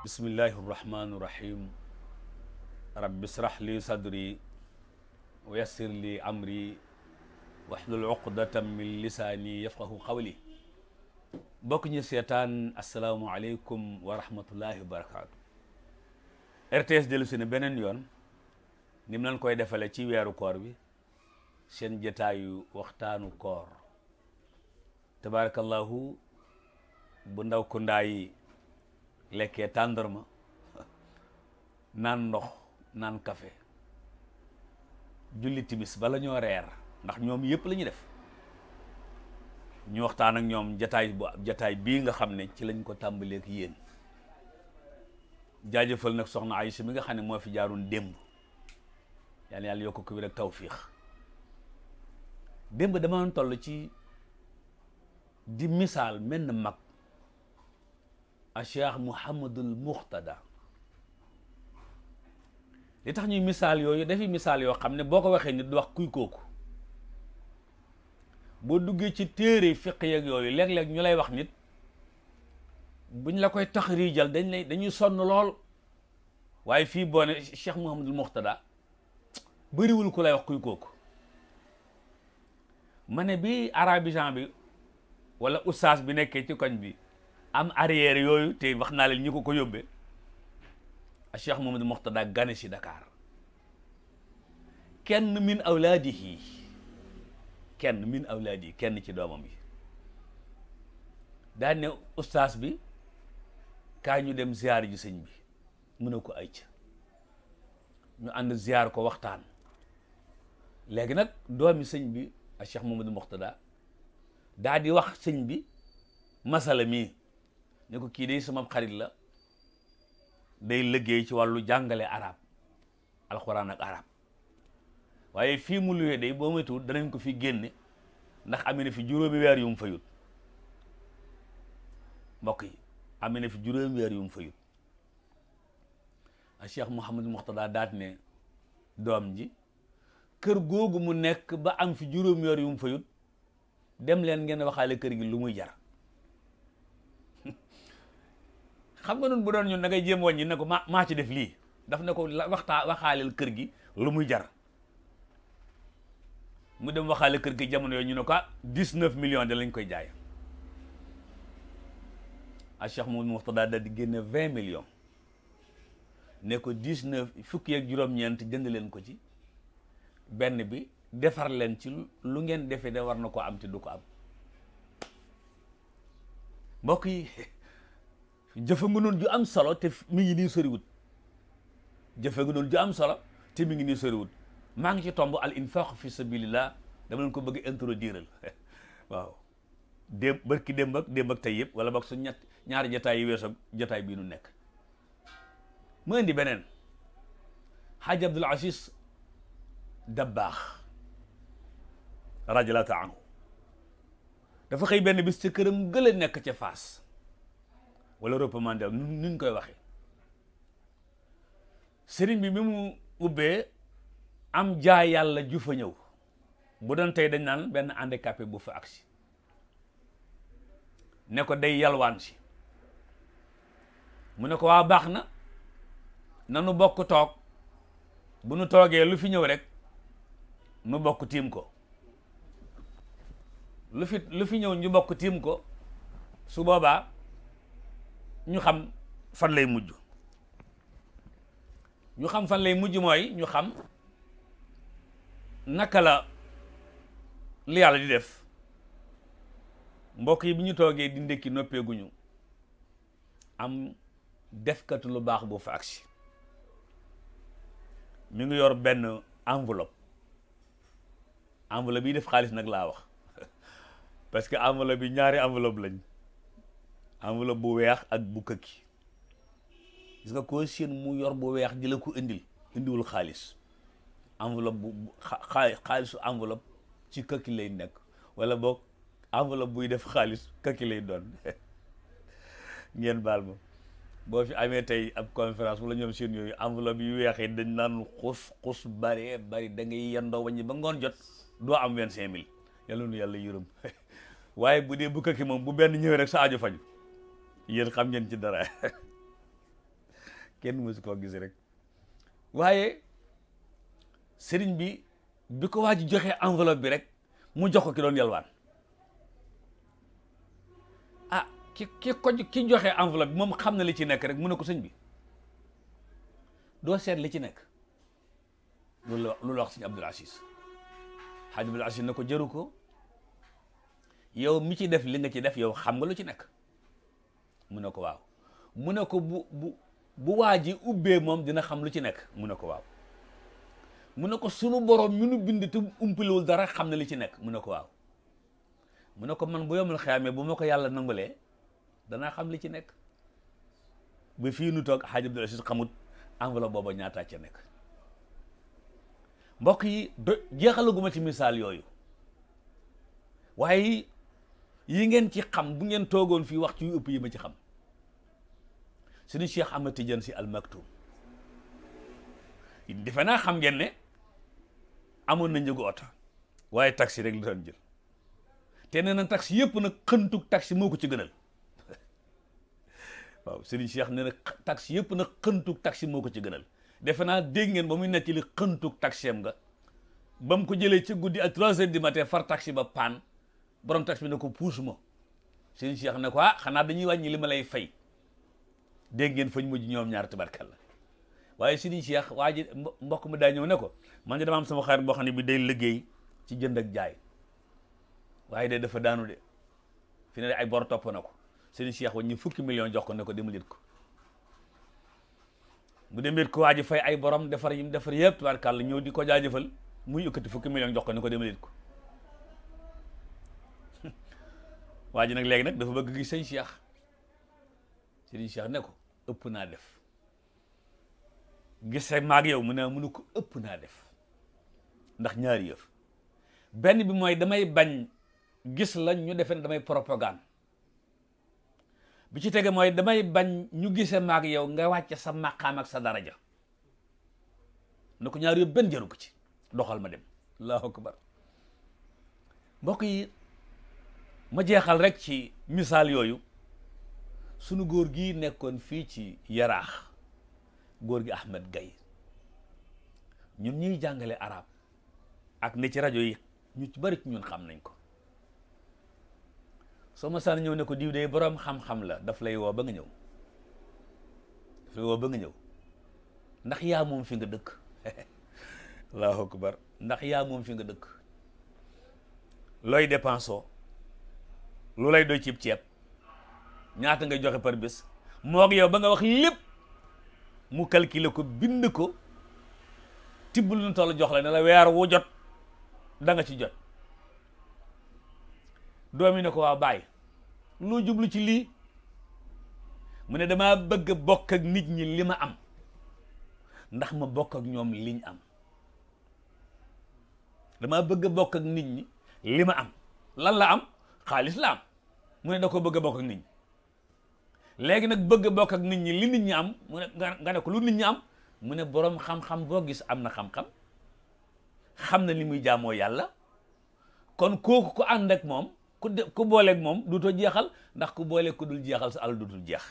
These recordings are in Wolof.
bismillahi irrahmani irrahim rabbi israh li sadri wa li amri wahlul uqdatan min lisaani yafqahu qawli bokk ñu seetaan asalaamualeykum wa rahmatullahi RTS dellu si ne beneen yoon ni mu koy defale ci weeru koor bi seen jataayu waxtaanu koor tabaarakallahu bu ndaw ku lekkee tàndarma naan ndox naan kafe julli timis bala ñoo reer ndax ñoom yëpp la ñuy def ñu waxtaan ak ñoom jataay bii nga xam ne ci lañ ko tàmbaleek yéen jaajëfal nag soxna Aysa mi nga xam ne moo fi jaarun démb yàlla yàlla yokk ko wér ak tawfiix démb dama toll ci di misaal menn mag a cheikh mouhamadul muxtada li tax ñuy misaal yooyu dafi misaal yoo xam ne boo ko waxee nit du wax kuy kooku boo duggee ci téere fiq yeeg yooyu léeg-léeg ñu lay wax nit buñ la koy tax riijal dañ lay dañuy sonn lool waaye fii boo ne cheikh mouhamadul muxtada bëriwul ku lay wax kuy kooku ma ne bi arabisan bi walla oustaz bi nekkee ci koñ bi am arrière yooyu te wax naa leen ñu ko ko yóbbee a Cheikh Mamadou Moxtada gane si Dakar kenn min awlaadihi kenn min awlaadihi kenn ci doomam yi daan ne ustaas bi kaa ñu dem ziar ji sëñ bi mën a ko ay ca ñu ànd ziar ko waxtaan léegi nag doomi sëñ bi a Cheikh Mamadou Moxtada daa di wax sëñ bi masala mii ne ko kii day sama xarit la day liggéey ci wàllu jàngale arab alxuraan ak arab waaye fii mu luwee day boo moytuwul danañ ko fi génne ndax amee fi juróomi weer yu mu fayut mbokk yi amee fi juróomi yu mu fayut a Cheikh Mouhamad Muxtada daat ne doom ji kër googu mu nekk ba am fi juróomi weer yu mu fayut dem leen ngeen waxaale kër gi lu muy jar xam nga nun bu doon ñun da ngay jéem wàññi ne ko ma maa ci def lii daf ne ko waxtaa waxaaleel kër gi lu muy jar mu dem waxaale kër gi jamono yooyu ñu ne ko ah, dix-neuf millions de lañ koy jaay a ah, Cheikh Mouhamadou Mourtada daal di génne vingt millions ne ko dix-neuf fukki juróom-ñeent jënd leen ko ci benn bi defar leen ci lu ngeen defee de war na ko am te du ko am mbokk yi jëfe nga noonu ju am solo te mi ngi nii soriwut jëfe nga noonu ju am solo te mi ngi nii soriwut maa ngi ci tomb al infaq fi sabilillah dama leen ko bëgg introduire waaw démb barki démb ak démb ak tey yëpp wala boog su ñett ñaari jataay yi weesu jataay bii nu nekk mu indi beneen xaaji Abdul Aziz Dabbaax radiyallahu anhu dafa xëy benn bis ci këram gëla nekk ca Faas wala recommandé nu ñu koy waxee sëriñ bi bi mu ubbee am jaa yàlla ju fa ñëw bu doon tey dañ naan benn handicapé bu fa agsi ne ko day yalwaan si mu ne ko waa baax na nanu bokk toog bu nu toogee lu fi ñëw rek nu bokk tiim ko lu fi lu fi ñëw ñu bokk tiim ko su boobaa ñu xam fan lay mujj ñu xam fan lay mujj mooy ñu xam naka la li yàlla di def mbokk yi bi ñu toogee di ndékki noppeeguñu am defkatu lu baax bu fa agsi mi ngi yor benn enveloppe enveloppe yi def xaalis nag laa wax parce que enveloppe yi ñaari enveloppe lañ enveloppe bu weex ak bu këkki gis nga koo seen mu yor bu weex di la ko indil indiwul xaalis enveloppe bu xaalisu enveloppe ci këkki lay nekk wala boog enveloppe buy def xaalis këkki lay doon ngeen baal ma boo fi amee tey ab conférence wala ñoom seen yooyu enveloppe yu weex yi dañ naan xus xus bare bari da ngay yendoo waññi ba ngoon jot doo am vingt cinq mille yàlla nu yàlla yërëm waaye bu dee bu këkki moom bu benn ñëwee rek sa aajo faju yéen xam ngeen ci dara kenn mësu koo gis rek waaye sëriñ bi bi ko waa ji joxe enveloppe bi rek mu jox ko ki doon yalwaan a ah, ki ki ko ki joxe enveloppe bi moom xam na li ci nekk rek mu ne ko sëñ bi doo seet li ci nekk loolu la loolu wax sëñ Abdul Aziz Xaaj Abdul Aziz na ko jëru ko yow mi ci def li nga ci def yow xam nga lu ci nekk mu ne ko waaw mu ne ko bu bu bu waa ji ubbee moom dina xam lu ci nekk mu ne ko waaw mu ne ko sunu borom mi nu bind te umpilewul dara xam ne li ci nekk mu ne ko waaw mu ne ko man bu yomul xeyaamee bu ma ko yàlla nangulee danaa xam li ci nekk ba fii nu toog xaaj Abdul Asiis xamut enveloppe booba ñaataa ca nekk mbokk yi do jeexalaguma ci misaal yooyu waaye yi ngeen ci xam bu ngeen toogoon fii wax ci yu yi ma ci xam sëriñ Cheikh Ahmad Tidiane si almaktum defe naa xam ngeen ne amoon na njëgu oto waaye taxi rek la daan jël te nee na taxi yëpp nag xëntug taxi moo ko ci gënal waaw sëriñ Cheikh nee na taxi yëpp nag xëntug taxi moo ko ci gënal defe naa dégg ngeen ba muy nekk li xëntug taxi am nga ba mu ko jëlee ci guddi à trois heures du matin far taxi ba paan borom taxi bi ne ko puus ma sëriñ Cheikh ne ko ah xanaa dañuy wàññi li ma lay fay dégg ngeen fañ mujj ñoom ñaar tabarkalla waaye Sëriñ Cheikh waa ji mbokk mi daay ñëw ne ko man de dama am sama xarit boo xam ne bi day liggéey ci jënd ak jaay waaye de dafa daanu de fi ne de ay bor topp na ko Sëriñ Cheikh wañ ñu fukki million jox ko ne ko demalit ko mu dem it ko waa ay borom defar yim defar yëpp tabarkalla ñëw di ko jaajëfal muy yëkkati fukki million jox ko ne ko demalit ko waa ji nag léegi nag dafa bëgg gis sëñ Cheikh sëriñ Cheikh ne ko ëpp naa def gis rek maag yow mu ne mënu ko ëpp naa def ndax ñaari yëf benn bi mooy damay bañ gis la ñu defe ne damay propagande bi ci tegee mooy damay bañ ñu gisee maag yow nga wàcce sa maqaam ak sa daraja na ko ñaari yëpp benn jaru ko ci doxal ma dem allahu akbar mbokk yi ma jeexal rek ci misaal yooyu sunu góor gi nekkoon fii ci yaraax góor gi Ahmed Gaye ñun ñuy jàngale araab ak ne ci rajo yi ñu ci bari ci ñun xam nañ ko soo ma saan ñëw ne ko diw de boroom xam-xam la daf lay woo ba nga ñëw daf lay woo ba nga ñëw ndax yaa moom fi nga dëkk allahu akbar ndax yaa moom fi nga dëkk looy dépensoo lu lay doy cib ceeb ñaata nga joxe par bés moo yow ba nga wax lépp mu calculer ko bind ko tibb lu ñu toll jox la ne la weer wu jot danga ci jot doom yi ne ko waa bàyyi loo jublu ci lii mu ne damaa bëgg bokk ak nit ñi lima am ndax ma bokk ak ñoom liñ am damaa bëgg bokk ak nit ñi li ma am lan la am xaalis la am mu ne da ko bëgg bokk ak nit ñi léegi nag bëgg bokk ak nit ñi li nit ñi am mu ne nga ne ko lu nit ñi am mu ne boroom xam-xam boo gis am na xam-xam xam na li muy jaamoo yàlla kon kooku ku ànd ak moom ku de ku booleek moom duutoo jeexal ndax ku booleeg ku dul jeexal sa àll duutul jeex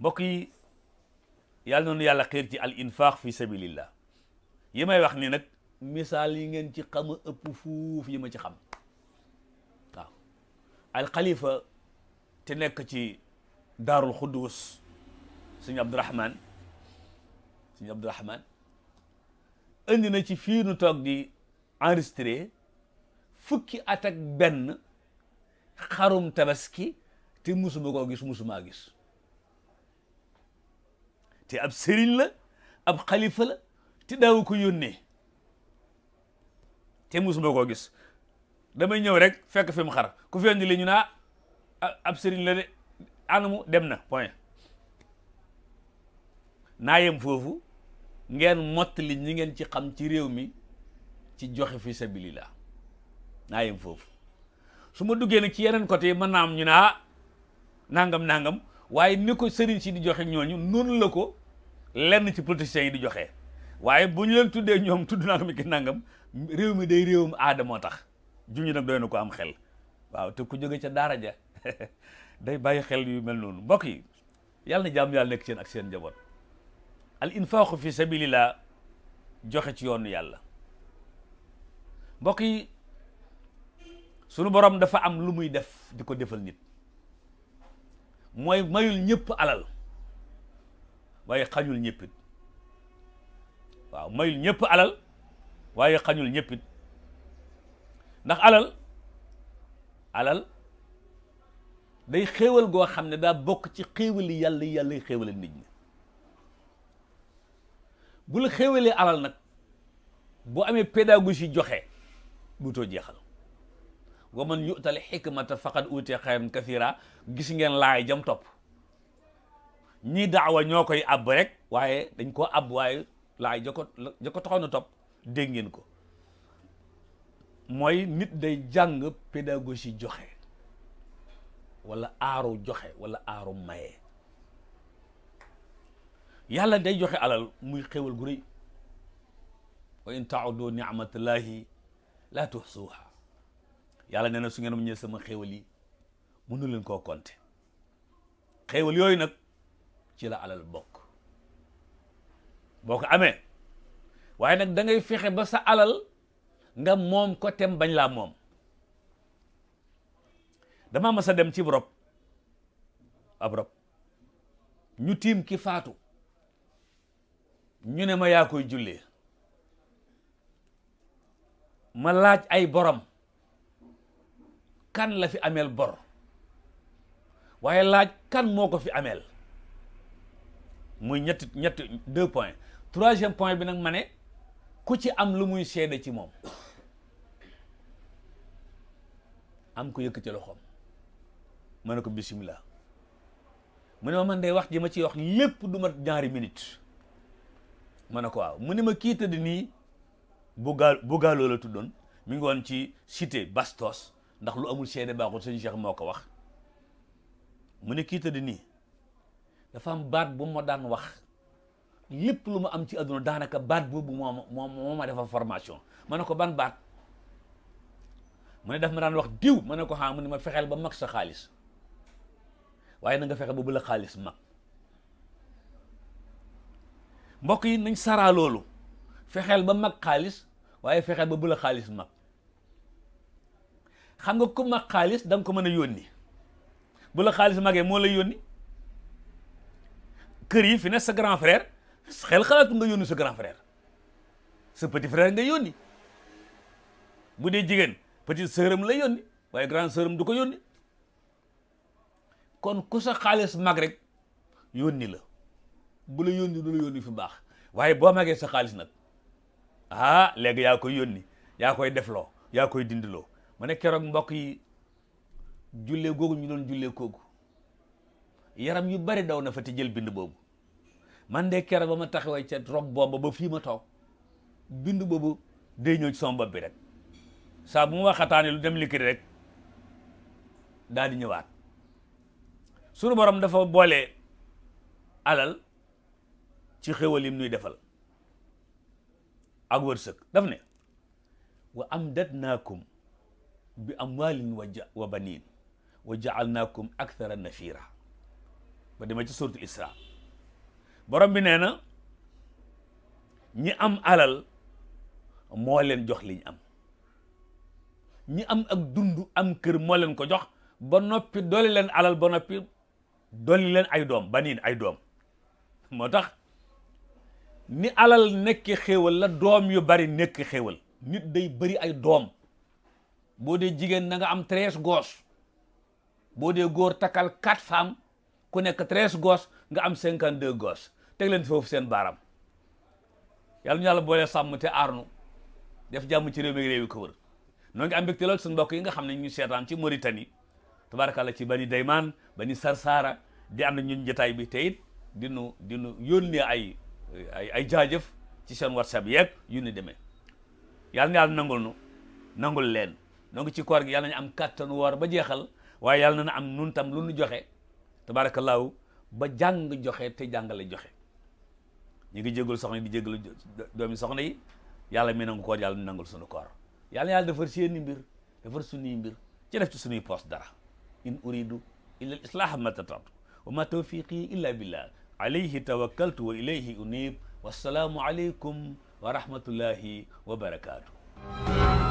mbokk yi yàlla noonu yàlla xiir ci al infaq fi sabilillah yi may wax ni nag misaal yi ngeen ci xam a ëpp fuuf yi ma ci xam waaw al te nekk ci daarul xuddus suñu abdourahman suñu abdourahman indi na ci fii nu toog di enregistré fukki at ak benn xarum tabaski te musuma koo gis musumaa gis te ab sëriñ la ab xalifa la te daaw ko yónnee te musuma koo gis damay ñëw rek fekk fi mu xar ku fi indi li ñu naa ab sëriñ la de anamu dem na point naa yem foofu ngeen mottali ñi ngeen ci xam ci réew mi ci joxe fi sabilillah naa yem foofu su ma duggee nag ci yeneen côté mën naa am ñu naa ah, nangam nangam waaye ni ko sëriñ si di joxe ñooñu noonu la ko lenn ci politiciens yi di joxe waaye bu ñu leen tuddee ñoom tudd nangam ki nangam réew mi day réewum aada moo tax juñu nag doy na ko am xel waaw te ku jóge ca daara ja day bàyyi xel yu mel noonu mbokk yi yàlla na jàmm yàlla nekk seen ak seen njaboot al infaqu fi sabilillah joxe ci yoon yàlla mbokk yi sunu boroom dafa am lu muy def di ko defal nit mooy mayul ñëpp alal waaye xañul ñëppit waaw ñëpp alal waaye xañul ñëppit ndax alal alal day xéewal goo xam ne daa bokk ci xéewali yàlla yàlla yi xéewale nit ñi bu la alal nag boo amee pédagogie joxe duutoo jeexal wa man yu'tal xikmata faqad utiya xayran kathira gis ngeen laay jam topp ñii daawa ñoo koy àbb rek waaye dañ koo àbb waaye laay ja ko ja ko a topp dégg ngeen ko mooy nit day jàng pédagogie joxe wala aaru joxe wala aaru maye yàlla day joxe alal muy xéwal gu rëy wa in tauddu nicmatallahi laa tuxsuha yàlla nee na su ngeen mu ñëw sama xéwal yi mënu leen koo compter xéwal yooyu nag ci la alal bokk boo ko amee waaye nag da ngay fexe ba sa alal nga moom ko tem bañ laa moom dama mas a dem ci rob abrop ñu tiim ki faatu ñu ne ma yaa koy jullee ma laaj ay borom kan la fi ameel bor waaye laaj kan moo ko fi ameel muy ñetti ñetti deux points troisième point bi nag ma ne ku ci am lu muy seede ci moom am yëkk ci loxoom ma ne ko bisimilah mu ne ma man day wax ji ma ciy wax lépp du mat ñaari minute ma ne ko waaw mu ne ma kiita tëdd nii bugaal bugaaloo la tuddoon mi ngi woon ci cité Bastos ndax lu amul seede baaxul sëñ Cheikh moo ko wax mu ne kii tëdd nii dafa am baat bu ma daan wax lépp lu ma am ci àdduna daanaka baat boobu moo moo formation ma ne ko ban baat mu ne daf ma daan wax diw ma ne ko xaa mu ne ma fexeel ba mag sa xaalis waaye na nga fexe ba bu la xaalis mag mbokk yi nañ saraa loolu fexeel ba mag xaalis waaye fexeel ba bu la mag xam nga ku mag xaalis da nga ko mën a yónni bu la xaalis magee moo la yónni kër yi fi ne sa grand frère xel xalaatu nga yónni sa grand frère sa petit frère nga yonni bu dee jigéen petite sœuram la yónni waaye grande sœuram du ko yónni kon ku sa xaalis mag rek yónni la bu la yónni du la yónni fi baax waaye boo magee sa xaalis nag ah léegi yaa koy yónni yaa koy defloo yaa koy dindiloo ma ne keroog mbokk yi jullee googu ñu doon jullee koogu yaram yu bari daw na fa te jël bind boobu man de keroog ba ma taxawee ca rob booba ba fii ma toog bind boobu day ñëw ci sama bopp bi rek saa bu ma waxataane lu dem likkiri rek daal di ñëwaat sunu borom dafa boole alal ci xéwal yim nuy defal ak wërsëg daf ne wa amdatnaakum bi amwaalin wa baniin wa ja'alnaakum akthara nafira ba dema ci suratul isra boroom bi nee na ñi am alal moo leen jox liñ am ñi am ak dund am kër moo leen ko jox ba noppi doole leen alal ba noppi dolli leen ay doom baniin ay doom moo tax ni alal nekk xéewal la doom yu bari nekk xéewal nit day bari ay doom boo dee jigéen da nga am treize gosses boo dee góor takkal quatre femmes ku nekk treize gosses nga am cinquante deux gosses teg leen foofu seen baaram yàlla ñu yàlla boolee sàmm te aarnu def jàmm ci réew mi réew yi noo ngi am mbégte lool suñu mbokk yi nga xam ne ñu seetaan ci Mauritanie tabarakallah ci bani daymaan bani sarsaara di ànd ñun jotaay bi tey dinu dinu yónnee ay ay jaajëf ci seen whatsapp yeeg yu ni demee yàlla na yàlla nangul nu nangul leen donc ci koor gi yàlla nañu am kàttanu woor ba jeexal waaye yàlla na am nun tam lu nu joxe tabarakallahu ba jàng joxe te jàngale joxe ñu ngi jégalu soxna yi di jégalu doomi soxna yi yàlla mi nangu koor yàlla nangul sunu koor yàlla na yàlla defar seeni mbir defar sunuy mbir ci def ci sunuy poos dara in uridu illa al islaha ma tatatu wa ma tawfiqi illa billah alayhi tawakkaltu wa ilayhi unib wassalaamu aleykum wa rahmatullahi wa barakatuh